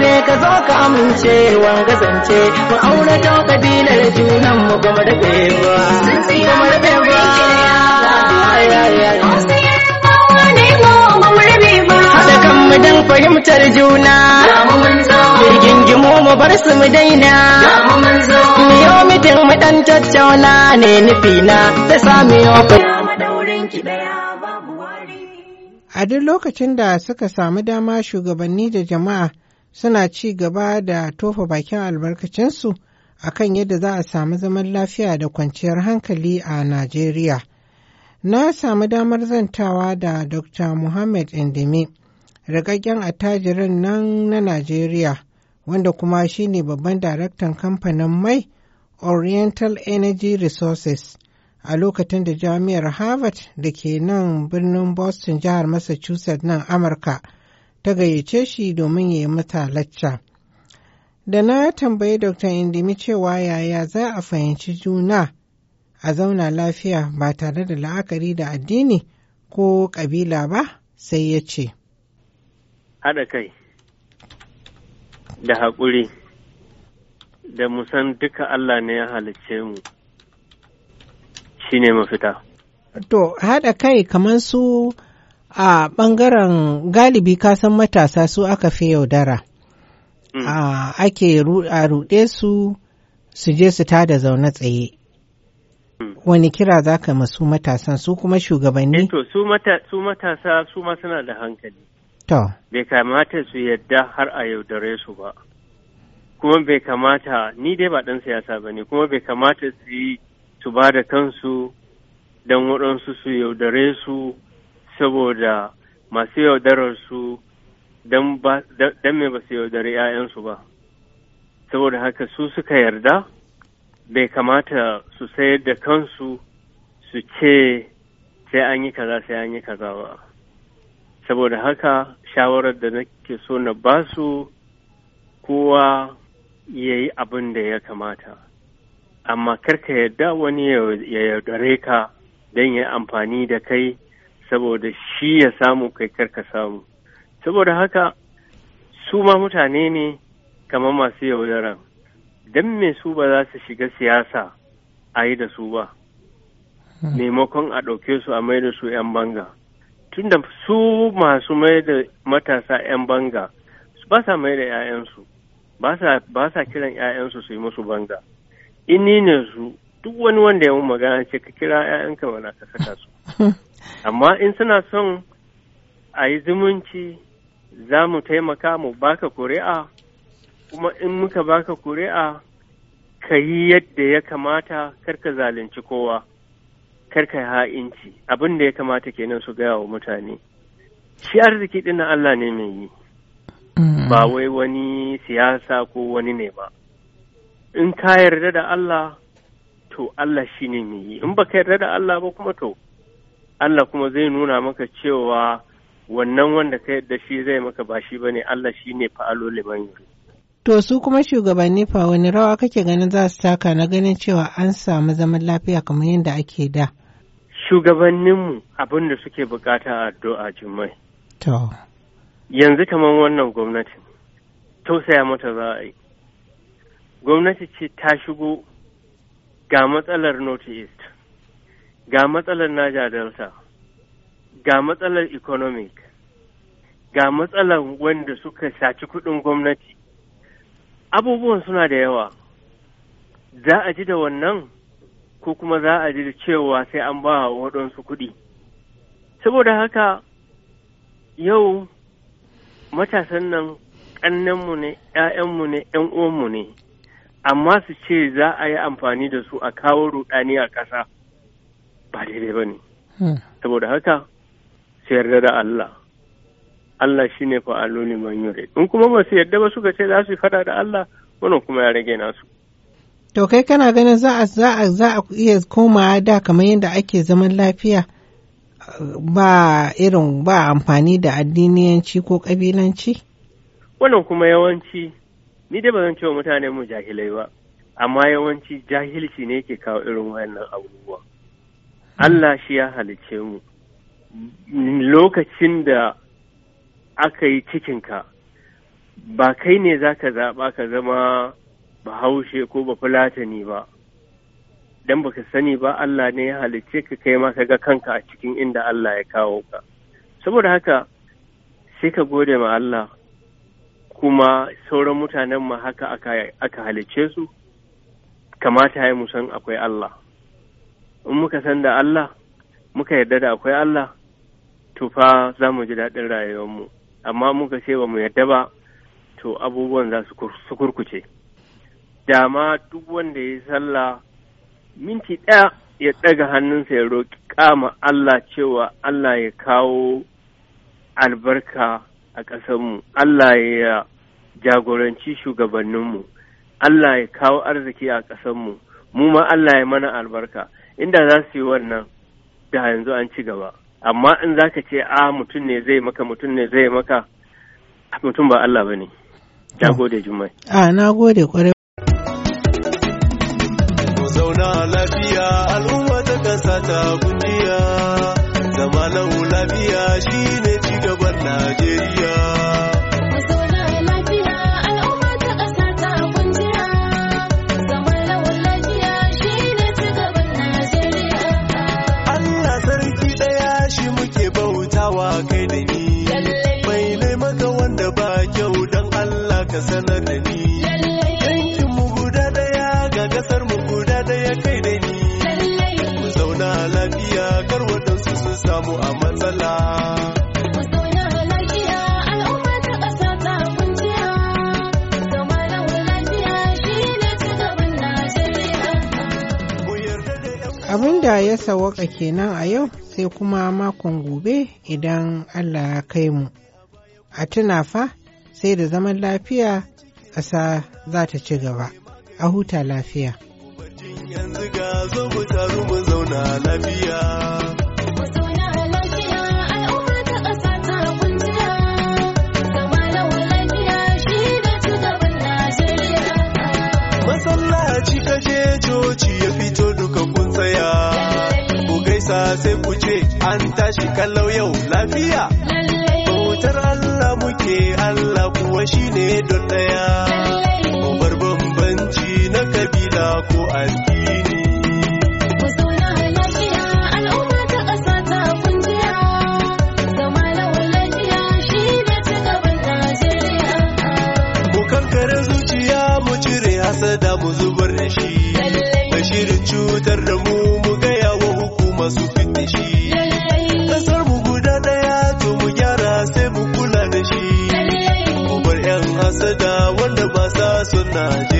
babe ka zo ka amince wanga zance mu aure ta kabilar junan mu gama da ba gama da ba Haɗa kan mu dan fahimtar juna Jirgin gimo mu bar su mu daina Miyo mitin mu dan tattauna ne nufina ta sami ofin A duk lokacin da suka samu dama shugabanni da jama'a suna ci gaba da tofa bakin albarkacinsu a kan yadda za a samu zaman lafiya da kwanciyar hankali a Najeriya. Na samu damar zantawa da Dr. Muhammad Indimi, rikakken attajirin nan na Najeriya, wanda kuma shi ne babban daraktan kamfanin mai Oriental Energy Resources a lokacin da jami'ar Harvard da ke nan birnin Boston jihar Massachusetts nan Amurka. ta gayyace shi domin ya yi mata lacca. Da na tambayi Dr. Indimi cewa yaya za a fahimci juna a zauna lafiya ba tare da la'akari da addini ko ƙabila ba sai ya ce. Haɗa kai da haƙuri da musan duka Allah ne ya halicce mu shi ne mafita. To, haɗa kai kamar su a ɓangaren galibi kasan matasa su aka fi yaudara mm. ake a ruɗe su su je su tada zaune tsaye mm. wani kira za ka masu matasan su kuma shugabanni? Eh to su matasa su ma suna da hankali to bai kamata su yadda har a yaudare su ba kuma bai kamata ni dai ba ɗan siyasa ba ne kuma bai kamata su yi su ba da kansu don waɗansu su yaudare su saboda masu yaudarar su don me ba su yaudari 'ya'yansu ba saboda haka su suka yarda bai kamata su sayar da kansu su ce sai an yi kaza sai an yi kaza ba saboda haka shawarar da nake so na ba su kowa ya yi abin da ya kamata amma karka yarda wani ya yaudare ka don ya amfani da kai saboda shi ya samu kai karka samu saboda haka su ma mutane ne kamar masu yaudaran don me su ba za su shiga siyasa a yi da su ba hmm. maimakon a ɗauke su a mai da su 'yan banga tunda su masu mai da matasa 'yan banga ba sa mai da 'ya'yansu ba sa kiran 'ya'yansu su yi musu banga in ne su duk wani wanda ya magana ce ka kira 'ya'yanka mana ka saka su amma in suna son a yi zumunci za mu taimaka mu baka kuri'a kuma in muka baka kuri'a ka yi yadda ya kamata karka zalunci kowa karka ha'inci abin da ya kamata kenan su gaya wa mutane shi arziki din Allah ne mai yi mm. ba wai wani siyasa ko wani ne ba in ka yarda da Allah to Allah shi ne mai yi in ba ka yarda da Allah ba kuma to Allah kuma zai nuna maka cewa wannan wanda ka yadda shi zai maka ba shi bane Allah shi ne fa'alo liman To su kuma shugabanni fa wani rawa kake ganin za su taka na ganin cewa an samu zaman lafiya kamar yadda ake da. Shugabanninmu abin da suke bukata addu'a jimai. To. Yanzu kamar wannan gwamnati tausaya mata za a yi. Gwamnati ce ta shigo ga matsalar North East. ga matsalar Niger Delta, ga matsalar economic, ga matsalar wanda suka saci kuɗin gwamnati. Abubuwan suna da yawa. Za a ji da wannan ko kuma za a ji da cewa sai an ba waɗansu kuɗi. Saboda haka yau matasan nan ƙannenmu ne, ‘ya'yanmu ne, ‘yan uwanmu ne, amma su ce za a yi amfani da su a kawo ruɗani a ƙasa. ba daidai ba ne hmm. saboda haka sai yarda da Allah Allah shi ne fa'alo ne in kuma ba su yarda ba suka ce za su fada da Allah wannan kuma ya rage nasu to kai kana ganin za a iya komawa da kamar yadda ake zaman lafiya ba irin ba amfani da addiniyanci ko kabilanci wannan kuma yawanci ni dai ba zan cewa mutane mu jahilai ba amma yawanci jahilci ne ke kawo irin wayannan abubuwa Allah shi ya halice mu lokacin da aka yi cikinka ba kai ne za ka zaɓa ka zama bahaushe ko ba fulatani ba don ka sani ba Allah ne ya halicce ka kai ma ga kanka a cikin inda Allah ya kawo ka saboda haka sai ka gode ma Allah kuma sauran mutanen ma haka aka halicce su kamata ya musan akwai Allah in muka san da Allah muka yarda da akwai Allah to fa za mu ji daɗin mu. amma muka ce ba mu yarda ba to abubuwan za su kurkuce dama duk wanda ya yi sallah minti ɗaya ya ɗaga hannunsa ya roƙi kama Allah cewa Allah ya kawo albarka a ƙasarmu Allah ya jagoranci shugabanninmu Allah ya kawo arziki a ƙasarmu mu ma Allah ya mana albarka inda za su yi wannan da yanzu an ci gaba amma in za ka ce a ah, mutum ne zai maka mutum ne zai maka mutum ba Allah ba ne. Na gode Jummai. A ah, na gode kwarai da ya sawaka kenan a yau sai kuma makon gobe idan Allah ya kai mu. A tuna fa sai da zaman lafiya ƙasa za ta ci gaba. A huta lafiya. Yanzu ga zo mu taru mu zauna lafiya. sai ku ce an tashi kallau yau lafiya bautar Allah muke Allah kuwa shine don ɗaya. bar bambanci na kabila ko addini hasada mu zubar da shi bashirin cutar da mu mu gaya wa hukuma su night.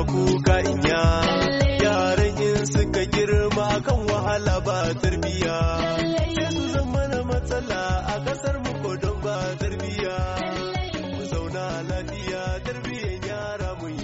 kakuu.